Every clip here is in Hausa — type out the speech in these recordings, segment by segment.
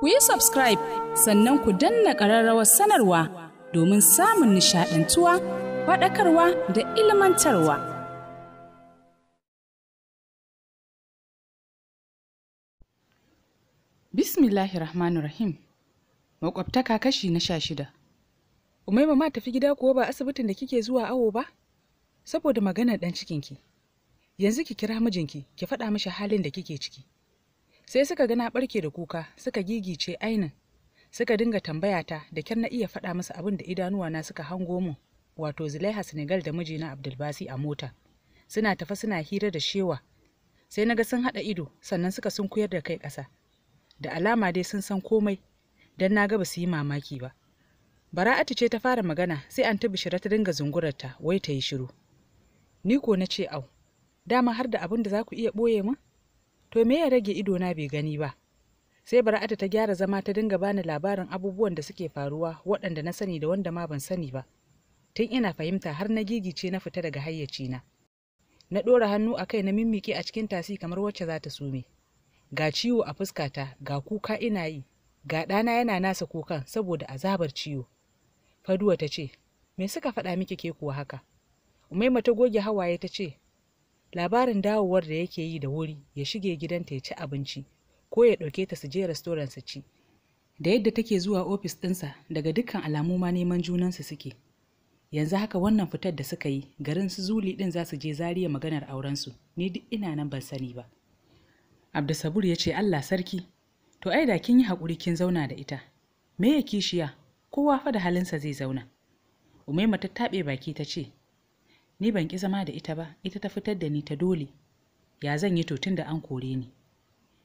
ku yi subscribe sannan ku danna ƙararrawar sanarwa domin samun nishaɗantuwa faɗakarwa da ilmantarwa. Bismillahi Rahmanu Rahim Maƙwabtaka kashi na sha shida umai ma tafi gida kuwa ba asibitin da kike zuwa awo ba? Saboda maganar ɗan cikinki. Yanzu ki kira mijinki, ki faɗa mishi halin da kike ciki. sai suka ga na barke da kuka suka gigice ainin suka dinga tambaya ta da kyar na iya faɗa masa abin da idanuwa na suka hango mu wato zulaiha senegal da mijina abdulbasi a mota suna tafa suna hira da shewa sai na ga sun haɗa ido sannan suka sun koyar da kai ƙasa da alama dai sun san komai don na ga ba su yi mamaki ba bara'atu ce ta fara magana sai an bishira ta dinga zungurar ta wai ta yi shiru ni ko na ce au dama har da abin da za ku iya ɓoye mun. to me ya rage na bai gani ba sai bara'ata ta gyara zama ta dinga bani labarin abubuwan da suke faruwa waɗanda na sani da wanda ma ban sani ba tun ina fahimta har na gigice na fita daga hayyacina na ɗora hannu a kai na mimmiƙe a cikin tasi kamar wacce za ta sume ga ciwo a fuskata ga kuka ina yi ga ɗana yana nasa kukan saboda azabar ciwo faduwa ta ce me suka faɗa miki ke kuwa haka umaima ta goge hawaye ta ce labarin dawowar da yake yi da wuri ya shige gidanta ya ci abinci ko ya ɗauke ta su je restoran su ci da yadda take zuwa ofis ɗinsa daga dukkan alamu ma neman junansu suke yanzu haka wannan fitar da suka yi garin su zuli ɗin za su je zariya maganar aurensu ni duk ina nan ban sani ba abdusabur ya ce allah sarki to ai da kin yi haƙuri kin zauna da ita me ya kishiya kowa fa da halinsa zai zauna umaima ta taɓe baki ta ce ni ban ki zama da ita ba ita ta fitar da ni ta dole ya zan yi to da an kore ni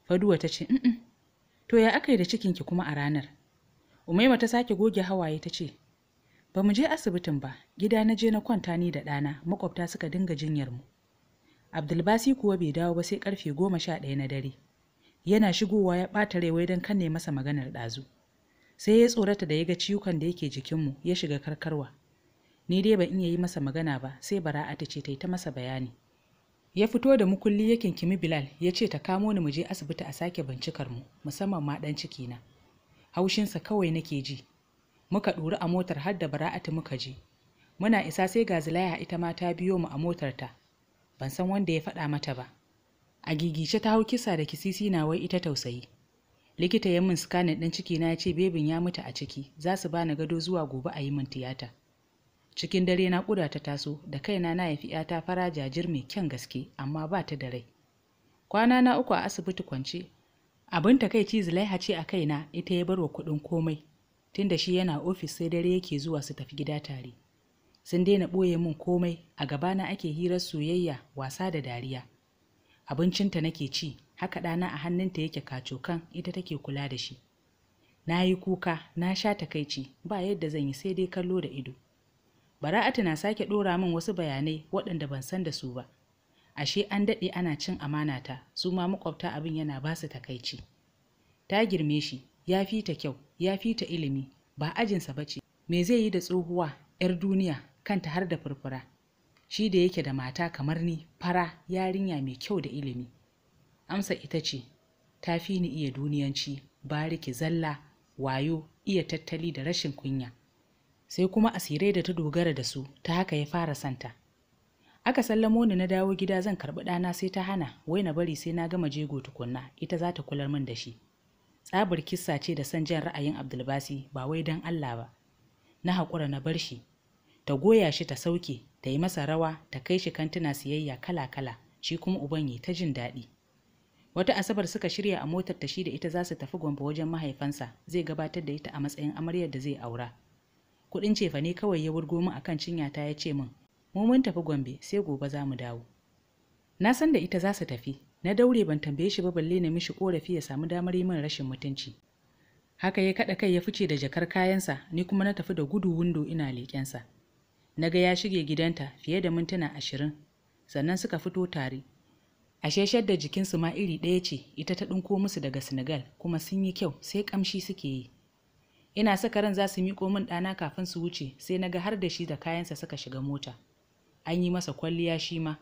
faduwa ta ce mm to ya aka yi da cikinki kuma a ranar umaima ta sake goge hawaye ta ce ba mu je asibitin ba gida na je na kwanta ni da ɗana makwabta suka dinga jinyar mu abdulbasi kuwa bai dawo ba sai karfe goma sha ɗaya na dare yana shigowa ya ɓata rai don kanne masa maganar ɗazu sai ya tsorata da ya ga ciwukan da yake jikinmu ya shiga karkarwa ni dai ban iya yi masa magana ba sai bara'a ta ce ta yi ta masa bayani ya fito da mukulli ya kinkimi bilal ya ce ta kamo ni mu je asibiti a sake bincikar mu musamman ma dan cikina haushinsa kawai nake ji muka ɗori a motar har da bara'atu muka je muna isa sai ga zulaiha ita ma ta biyo mu a motar ta ban san wanda ya faɗa mata ba a gigice ta hau kisa da kisisi na wai ita tausayi likita ya min scanning ɗin ciki na ya ce bebin ya mutu a ciki za su bani gado zuwa gobe a yi min tiyata cikin dare na ƙuda ta taso da kaina na haifi ta fara jajir mai kyan gaske amma ba ta da rai kwana na uku a asibiti kwance abin ta takaici zulaiha ce a kaina ita ya barwa kuɗin komai tunda shi yana ofis sai dare yake zuwa su tafi gida tare sun daina ɓoye min komai a gabana ake hirar soyayya wasa da dariya abincinta nake ci haka ɗana a hannunta yake kacokan ita take kula da shi na yi kuka na sha takaici ba yadda zan yi sai dai kallo da ido bara'atu na sake ɗora min wasu bayanai waɗanda ban san da su ba ashe an daɗe ana cin amana ta su ma makwabta abin yana ba su takaici ta girme shi ya fi ta kyau ya fi ta ilimi ba ajinsa ba ce me zai yi da tsohuwa 'yar duniya kanta har da furfura shi da yake da mata kamar ni fara yarinya mai kyau da ilimi amsa ita ce ta fi ni iya duniyanci bariki zalla wayo iya tattali da rashin kunya sai kuma asirai da ta dogara da su ta haka ya fara santa aka sallamo ni na dawo gida zan karɓi ɗana sai ta hana wai na bari sai na gama jego tukunna ita za ta kular min da shi tsabar kissa ce da san jan ra'ayin abdulbasi ba wai don allah ba na haƙura na bar shi ta goya shi ta sauke ta yi masa rawa ta kai shi kantuna siyayya kala-kala shi kuma uban yi ta jin daɗi wata asabar suka shirya a motar ta shi da ita za su tafi Gombe wajen mahaifansa zai gabatar da ita a matsayin amaryar da zai aura kuɗin cefane kawai ya wurgo min akan cinya ta ya ce min mu mun tafi gombe sai gobe za mu dawo na san da ita za su tafi na daure ban tambaye shi ba balle na mishi korafi ya samu damar yi min rashin mutunci haka ya kaɗa kai ya fice da jakar kayansa ni kuma na tafi da gudu windo ina leƙensa na ga ya shige gidanta fiye da mintuna ashirin sannan suka fito tare ashe shadda jikinsu ma iri ɗaya ce ita ta ɗinko musu daga senegal kuma sun yi kyau sai ƙamshi suke yi ina saka ran za su miƙo min ɗana kafin su wuce sai na ga har da shi da kayansa suka shiga mota an yi masa kwalliya shi ma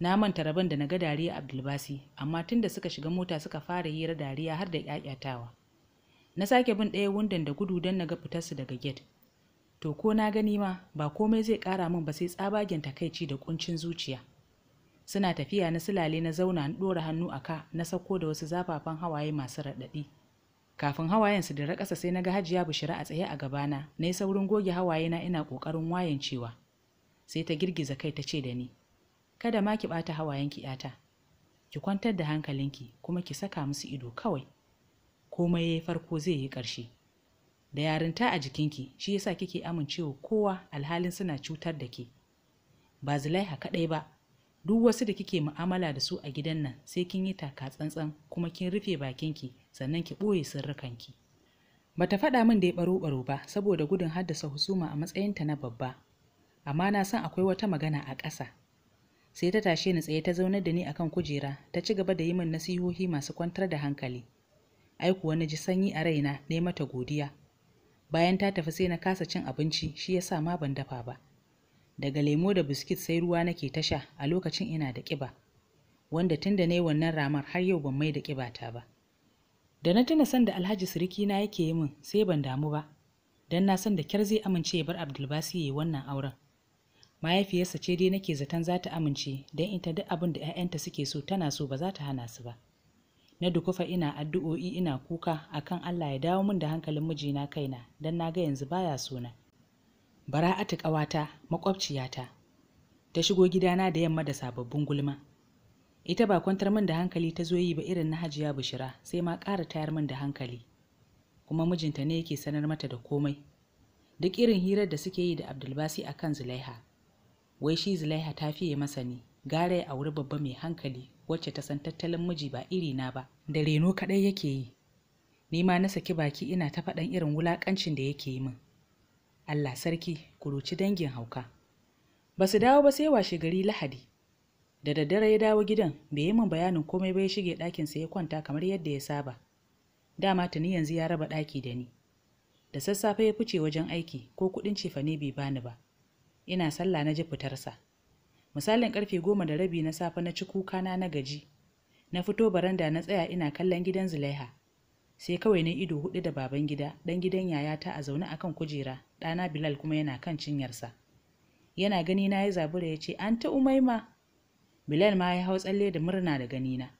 na manta rabon da na ga dariya abdulbasi amma tun da suka shiga mota suka fara hira dariya har da ƙyaƙyatawa na sake bin ɗaya wundan da gudu don na ga fitarsu daga get. to ko na gani ma ba komai zai ƙara min ba sai tsabagen takaici da ƙuncin zuciya suna tafiya na silale na zauna na ɗora hannu a ka na sauko da wasu zafafan hawaye masu raɗaɗi kafin hawayen su dira ƙasa sai na ga hajiya bishira a tsaye a gabana na yi saurin goge hawaye na ina ƙoƙarin wayan cewa sai ta girgiza kai ta ce da ni kada ma ki ɓata hawayen ki yata ki kwantar da hankalinki kuma ki saka musu ido kawai komai yayi farko zai yi ƙarshe da yarinta a jikinki shi yasa kike amincewa kowa alhalin suna cutar da ke ba zulaiha kaɗai ba duk wasu da kike mu'amala da su a gidan nan sai kin yi taka tsantsan kuma kin rufe bakinki sannan ki ɓoye sirrikanki bata faɗa min da ya ɓaro ɓaro ba saboda gudun haddasa husuma a matsayinta na babba amma na san akwai wata magana a ƙasa sai ta tashe ni tsaye ta zaunar da ni a kan kujera ta ci gaba da yi min nasihohi masu kwantar da hankali ai kuwa na ji sanyi a raina na mata godiya bayan ta tafi sai na kasa cin abinci shi ya sa ma ban dafa ba daga lemo da biskit sai ruwa nake tasha, a lokacin ina da ƙiba wanda tun da na yi wannan ramar har yau ban mai da ƙibata ba da na tuna san da alhaji siriki na yake yi min sai ban damu ba don na san da kyar zai amince ya bar abdulbasi ya yi wannan auren mahaifiyarsa ce dai nake zaton za ta amince don ita duk abin da 'ya'yanta suke so tana so ba za ta hana su ba na dukufa ina addu'o'i ina kuka akan Allah ya dawo min da hankalin mijina kaina don na ga yanzu baya sona bara'atu ƙawata makwabciyata ta shigo gidana da yamma da sababbin gulma ita ba kwantar min da hankali ta zo yi ba irin na hajiya bishira sai ma ƙara tayar min da hankali kuma mijinta ne yake sanar mata da komai duk irin hirar da suke yi da abdulbasi a kan zulaiha wai shi zulaiha ta fiye masa ne gara ya auri babba mai hankali wacce ta san tattalin miji ba iri na ba da reno kaɗai yake yi ni ma na saki baki ina ta faɗan irin wulaƙancin da yake yi min allah sarki kuruci dangin hauka ba su dawo ba sai washe gari lahadi da daddare ya dawo gidan bai yi min bayanin komai ba ya shige ɗakinsa ya kwanta kamar yadda ya saba dama tuni yanzu ya raba ɗaki da ni da sassafe ya fice wajen aiki ko kuɗin cefane bai bani ba ina sallah na ji fitarsa misalin karfe goma da rabi na safe na ci kukana na gaji na fito baranda na tsaya ina kallon gidan zulaiha sai kawai na ido hudu da baban gida dan gidan yayata a zaune akan kujera ɗana bilal kuma yana kan cinyarsa yana gani na ya zabura ya ce an ta umaima Bilal ma ya hau tsalle da murna da ganina.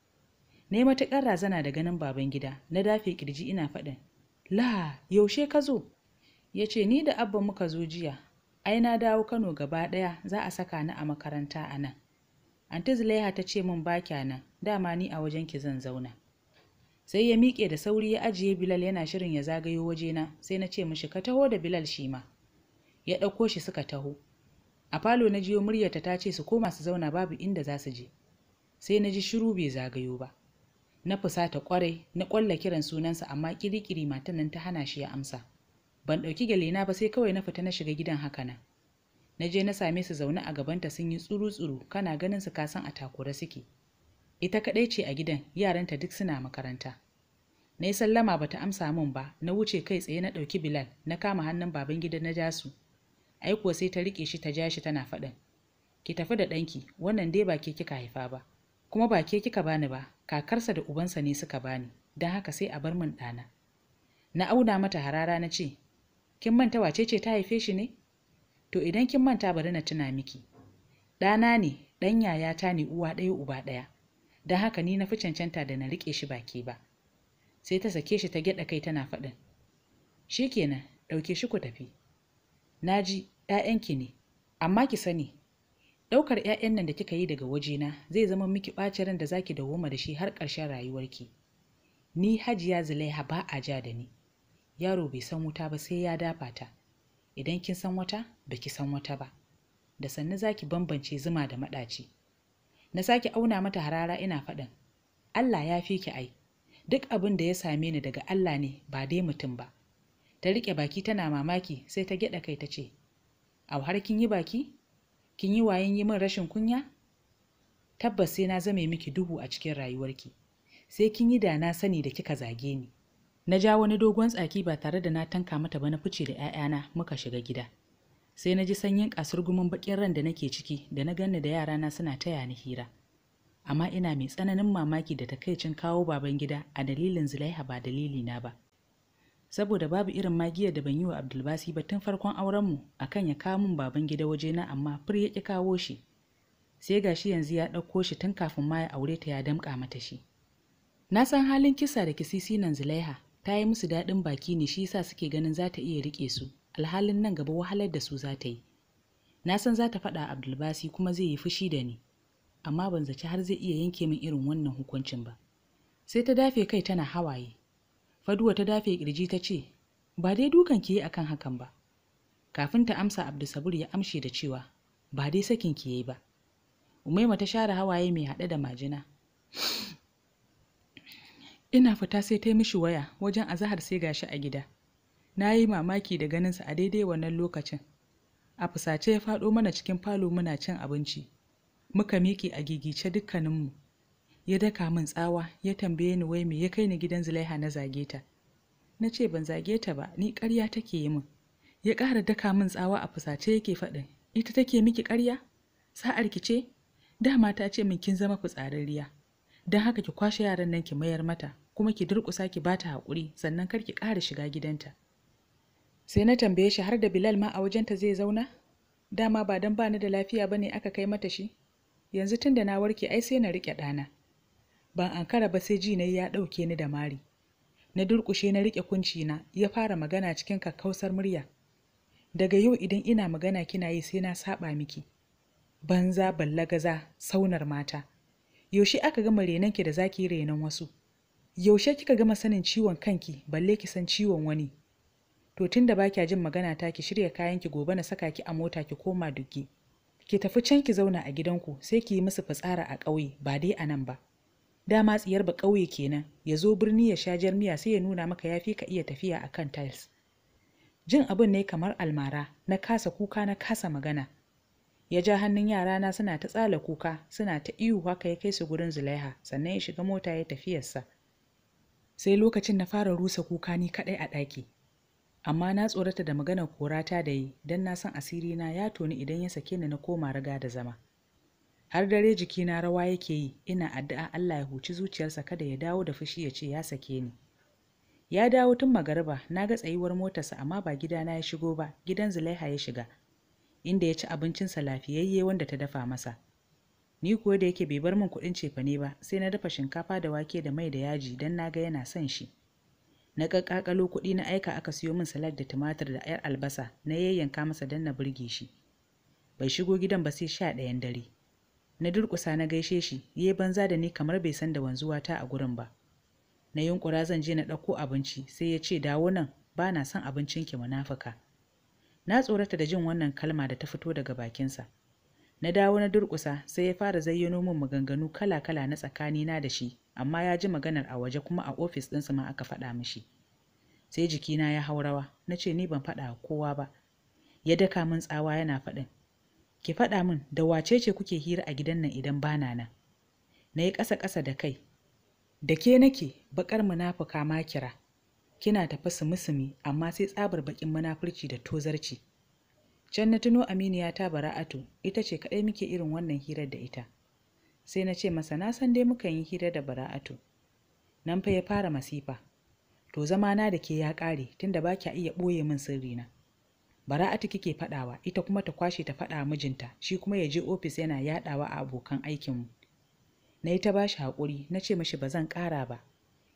Na yi matuƙar razana da ganin baban gida, na dafe ƙirji ina faɗin. La, yaushe ka zo? Ya ce, Ni da Abba muka zo jiya, ai na dawo Kano gaba ɗaya za a saka ni a makaranta a nan. Anti Zulaiha ta ce min ba nan, dama ni a wajen ki zan zauna. Sai ya miƙe da sauri ya ajiye Bilal yana shirin ya zagayo wajena, sai na ce mishi ka taho da Bilal shi ma. Ya ɗauko shi suka taho. a falo na jiyo muryarta ta ce su koma su zauna babu inda za su je sai na ji shiru bai zagayo ba na fusata kwarai na kwalla kiran sunansa amma kirikiri matan nan ta hana shi ya amsa ban ɗauki na ba sai kawai na fita na shiga gidan haka nan na je na same su zaune a gabanta sun yi tsuru-tsuru kana ganin su kasan a takura suke ita kadai ce a gidan yaranta duk suna makaranta na yi sallama bata amsa mun ba na wuce kai tsaye na ɗauki bilal na kama hannun baban gidan na jasu ai kuwa sai ta riƙe shi ta ja shi tana faɗin ki tafi da ɗanki wannan dai ba ke kika haifa ba kuma ba ke kika bani ba kakarsa da ubansa ne suka bani don haka sai a bar min ɗana na auna mata harara na ce kin manta wace ce ta haife shi ne to idan kin manta bari na tuna miki ɗana ne ɗan yayata ne uwa ɗaya uba ɗaya don haka ni na fi cancanta da na riƙe shi baki ba sai ta sake shi ta gyaɗa kai tana faɗin shikenan ɗauke shi ku tafi na ji ‘ya'yanki ne, amma ki sani, ɗaukar ‘ya'yan nan da kika yi daga wajena zai zama miki ɓacin ran da za ki ma da shi har ƙarshen rayuwarki. Ni hajiya Zulaiha ba a ja da ni. Yaro bai san wuta ba sai ya dafa ta. Idan kin san wata, ba ki san wata ba. Da sannu za ki bambance zuma da maɗaci. Na sake auna mata harara ina faɗin. Allah ya fi ki ai. Duk abin da ya same ni daga Allah ne ba dai mutum ba. Ta riƙe baki tana mamaki sai ta gyaɗa kai ta ce, a har kin yi baki kin yi wayan yi min rashin kunya tabbas sai na zame miki duhu a cikin rayuwarki sai kin yi da na sani da kika zage ni na ja wani dogon tsaki ba tare da na tanka mata ba na fice da 'ya'yana muka shiga gida sai na ji sanyin kasurgumin bakin ran da nake ciki da na ganni da yarana suna taya ni hira amma ina mai tsananin mamaki da takaicin kawo baban gida a dalilin zulaiha ba dalili na ba saboda babu irin magiyar da ban yi wa Abdulbasi ba tun farkon aurenmu akan ya kawo min baban gida wajena amma fir ya ki kawo shi. Sai gashi yanzu ya ɗauko shi tun kafin ma ya aure ta ya damƙa mata shi. Na san halin kisa da kisisi nan Zulaiha ta yi musu daɗin baki ne shi yasa suke ganin za ta iya riƙe su alhalin nan gaba wahalar da su za ta yi. Na san za ta faɗa Abdulbasi kuma zai yi fushi da ni, amma ban zaci har zai iya yanke min irin wannan hukuncin ba. Sai ta dafe kai tana hawaye, faduwa ta dafe kirji ta ce ba dai dukan ke akan hakan ba kafin ta amsa abdusabur ya amshe da cewa ba dai sakin ke yi ba umaima ta share hawaye mai haɗe da majina ina fita sai ta mishi waya wajen azahar sai gashi a gida na yi mamaki da ganinsa a daidai wannan lokacin a fusace ya faɗo mana cikin falo muna cin abinci muka miƙe a gigice dukkaninmu ya daka min tsawa ya tambaye ni wai me ya kai ni gidan zulaiha na zage ta na ce ban zage ta ba ni ƙarya take yi min ya ƙara daka min tsawa a fusace yake faɗin ita take miki karya? sa'ar ki ce dama ta ce min kin zama fitsararriya don haka ki kwashe yaran nan ki mayar mata kuma ki durƙusa ki bata haƙuri sannan kar ki ƙara shiga gidanta sai na tambaye shi har da bilal ma a wajenta zai zauna dama ba don bani da lafiya ba ne aka kai mata shi yanzu tun da na warke ai sai na riƙe ɗana ban ankara ba sai ji na ya dauke ni da mari na durƙushe na rike kunci na ya fara magana cikin kakkausar murya daga yau idan ina magana kina yi sai na saba miki banza ballagaza saunar mata yaushe aka gama ki da zaki renon wasu yaushe kika gama sanin ciwon kanki balle ki san ciwon wani to tunda ba kya jin magana ta ki shirya kayan ki gobe na saka ki a mota ki koma dugge ki tafi can ki zauna a gidanku sai ki yi musu fitsara a ƙauye ba dai a nan ba dama tsiyar ba ƙauye kenan ya zo birni ya sha jarmiya sai ya nuna maka ya fi ka iya tafiya a kan tiles jin abin ne kamar almara na kasa kuka na kasa magana ya ja hannun yarana suna ta tsala kuka suna ta ihu haka ya kai su gurin zulaiha sannan ya shiga mota ya tafiyarsa sai lokacin na fara rusa kuka ni kaɗai a ɗaki amma na tsorata da maganar korata da yi don na san asiri na ya toni idan ya sake ni na koma riga da zama har dare jikina rawa yake yi ina addu'a Allah ya huci zuciyarsa kada ya dawo da fushi ya ce ya sake ni ya dawo tun magariba na ga tsayuwar motarsa amma ba gidana ya shigo ba gidan zulaiha ya shiga inda ya ci abincinsa lafiyayye wanda ta dafa masa ni kuwa da yake bai bar min kuɗin cefane ba sai na dafa shinkafa da wake da mai da yaji don na ga yana son shi na ƙaƙƙalo kuɗi na aika aka siyo min salad da tumatir da 'yar albasa na yayyanka masa don na burge shi bai shigo gidan ba sai sha ɗayan dare na durƙusa na gaishe shi ya banza da ni kamar bai san da wanzuwa ta a gurin ba na yunƙura zan je na ɗauko abinci sai ya ce dawo nan ba na son abincin abincinki munafuka na tsorata da jin wannan kalma da ta fito daga bakinsa na dawo na durƙusa sai ya fara zayyano min maganganu kala-kala na tsakanina da shi amma ya ji maganar a waje kuma a ofis ɗinsa ma aka faɗa mishi sai jikina ya haurawa na ce ni ban faɗa kowa ba ya daka min tsawa yana faɗin ki faɗa min da wace ce kuke hira a gidan nan idan bana nan na yi ƙasa ƙasa da kai da ke nake baƙar munafuka ma kira kina tafi musumi amma sai tsabar baƙin munafurci da tozarci can na tuno aminiya ta bara'atu ita ce kaɗai muke irin wannan hirar da ita sai na ce masa na san dai muka yi hira da bara'atu nan fa ya fara masifa to zama na da ke ya ƙare tunda ba kya iya ɓoye min sirrina bara'atu kike faɗawa ita kuma ta kwashe ta faɗa mijinta shi kuma ya je ofis yana yaɗawa a abokan aikinmu na yi ta bashi hakuri, na ce mishi ba zan ƙara ba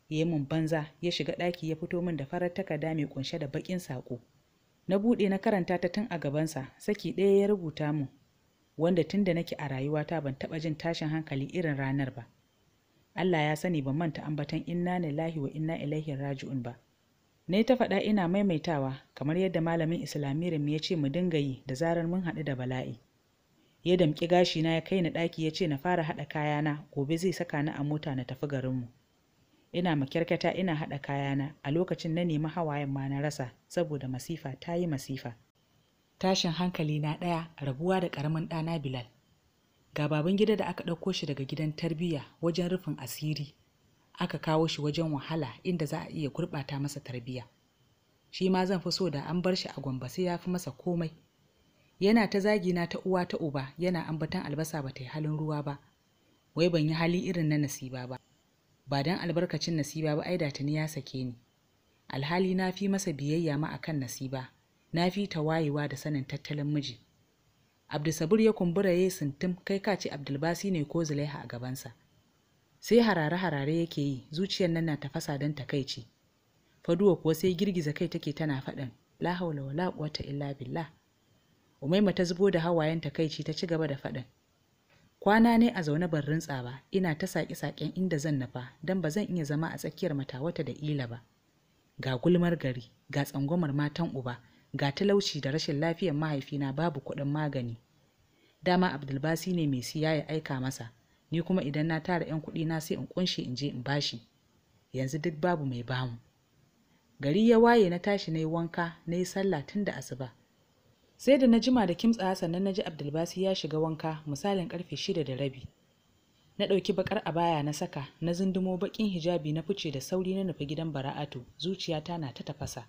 ya mun banza ya shiga ɗaki ya fito min da farar takarda mai kunshe da baƙin saƙo na buɗe na karanta ta tun a gabansa saki ɗaya ya rubuta mun. wanda tun da nake a rayuwata ban taɓa jin tashin hankali irin ranar ba Allah ya sani ban manta ambatan inna lillahi wa inna ilaihi raji'un ba na ta faɗa ina maimaitawa kamar yadda malamin islamirin ya ce mu dinga yi da zarar mun haɗu da bala'i ya damƙi gashina ya kai ni ɗaki ya ce na fara haɗa kayana gobe zai saka ni a mota na tafi garinmu ina makyarkata ina haɗa kayana a lokacin na nemi hawayen ma na rasa saboda masifa ta yi masifa tashin hankali na ɗaya rabuwa da ƙaramin ɗana bilal ga baban gida da aka ɗauko shi daga gidan tarbiyya wajen rufin asiri aka kawo shi wajen wahala inda za a iya gurɓata masa tarbiyya shi ma zan fi so da an bar shi a gwamba sai ya fi masa komai yana ta zagi na ta uwa ta uba yana ambatan albasa ba ta yi halin ruwa ba wai ban yi hali irin na nasiba ba ba don albarkacin nasiba ba ai da tuni ya sake ni alhali na fi masa biyayya ma akan nasiba na fi ta wayewa da sanin tattalin miji abdulsabur ya kumbura ya yi sintim kai ka ce abdulbasi ne ko zulaiha a gabansa sai harare-harare yake yi zuciyar nan na tafasa don takaici faduwa kuwa sai girgiza kai take tana faɗin la haula wala illa billah umaima ta zubo da hawayen takaici ta ci gaba da faɗin kwana ne a zaune ban rintsa ba ina ta saki saken inda zan nafa don ba zan iya zama a tsakiyar matawata da ila ba ga gulmar gari ga tsangwamar matan uba ga talauci da rashin lafiyar mahaifina babu kuɗin magani dama abdulbasi ne mai siya ya aika masa ni kuma idan na tara 'yan kuɗi na sai in kunshe in je in bashi yanzu duk babu mai bamu gari ya waye na tashi na yi wanka na yi sallah tun da asuba sai da na jima da kimtsa sannan na ji abdulbasi ya shiga wanka misalin karfe shida da rabi na ɗauki bakar a baya na saka na zundumo bakin hijabi na fice da sauri na nufi gidan bara'atu zuciyata na ta tafasa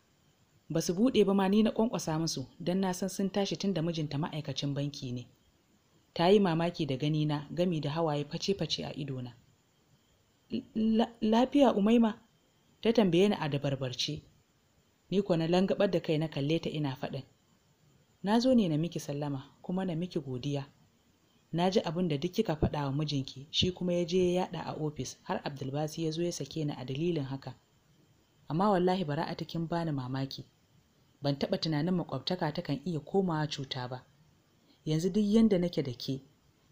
ba su buɗe ba ma ni na ƙwanƙwasa musu don na san sun tashi tun da mijinta ma'aikacin banki ne ta yi mamaki da ganina gami da hawaye face-face a idona lafiya umaima ta tambaye ni a dabarbarce ni kuwa na langabar da kai na kalle ta ina faɗin na zo ne na miki sallama kuma na miki godiya na ji abin da duk kika faɗa wa mijinki shi kuma ya je ya yaɗa a ofis har abdulbasi ya zo ya sake ni a dalilin haka amma wallahi bara a cikin bani mamaki ban taɓa tunanin makwabtaka kan iya komawa cuta ba yanzu duk yanda nake da ke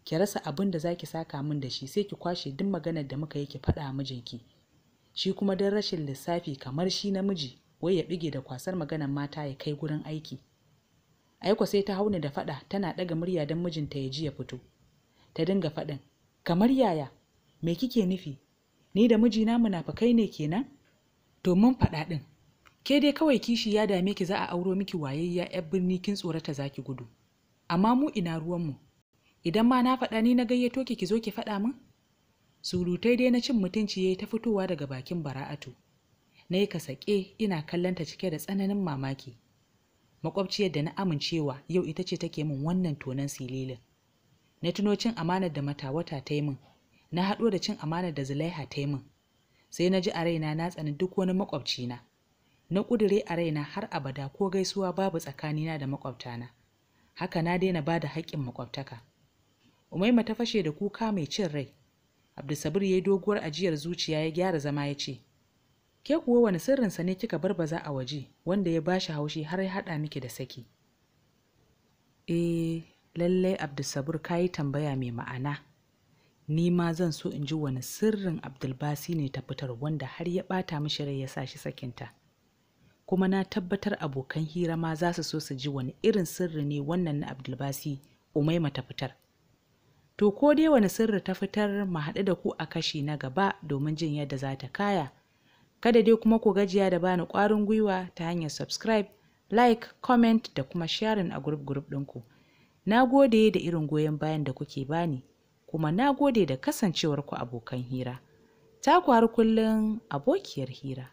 ki rasa abin da zaki saka min da shi sai ki kwashe duk maganar da muka yi ki faɗa mijinki shi kuma don rashin lissafi kamar shi namiji wai ya bige da kwasar maganar mata ya kai gurin aiki aiko sai ta hauna da faɗa tana ɗaga murya don mijinta ya ji ya fito ta dinga faɗin kamar yaya me kike nufi ni da mijina munafukai ne kenan to mun faɗa ɗin ke dai kawai kishi ya dame ki za a auro miki wayayya 'yar birni kin tsorata zaki gudu amma mu ina ruwanmu idan ma na faɗa ni na gayyato ki ki zo ki faɗa min surutai dai na cin mutunci ya ta fitowa daga bakin bara'atu na yi kasake ina kallonta cike da tsananin mamaki makwabciyar da na amincewa yau ita ce take min wannan tonon sililin na tuno cin amanar da matawata ta yi min na haɗo da cin amanar da zulaiha ta yi min sai na ji a raina na tsani duk wani makwabcina na ƙudure a raina har abada ko gaisuwa babu tsakanina da makwabtana haka na daina ba da haƙƙin makwabtaka umaima ta fashe da kuka mai cin rai abdulsabir ya yi doguwar ajiyar zuciya ya gyara zama ya ce ke kuwa wani sirrinsa ne kika bar baza a waje wanda ya bashi haushi har ya haɗa miki da saki eh lallai abdulsabir ka yi tambaya mai ma'ana ni ma zan so in ji wani sirrin abdulbasi ne ta fitar wanda har ya ɓata mishi rai ya sa shi sakinta kuma na tabbatar abokan hira ma za su so su ji wani irin sirri ne wannan na Abdulbasi Umaima ta fitar. To ko dai wani sirri ta fitar ma haɗu da ku a kashi na gaba domin jin yadda za ta kaya. Kada dai kuma ku gajiya da bani ƙwarin gwiwa ta hanyar subscribe, like, comment da kuma sharing a group group ɗinku. Na gode da irin goyon bayan da kuke bani, kuma na gode da kasancewarku abokan hira. Ta kwaru kullum abokiyar hira.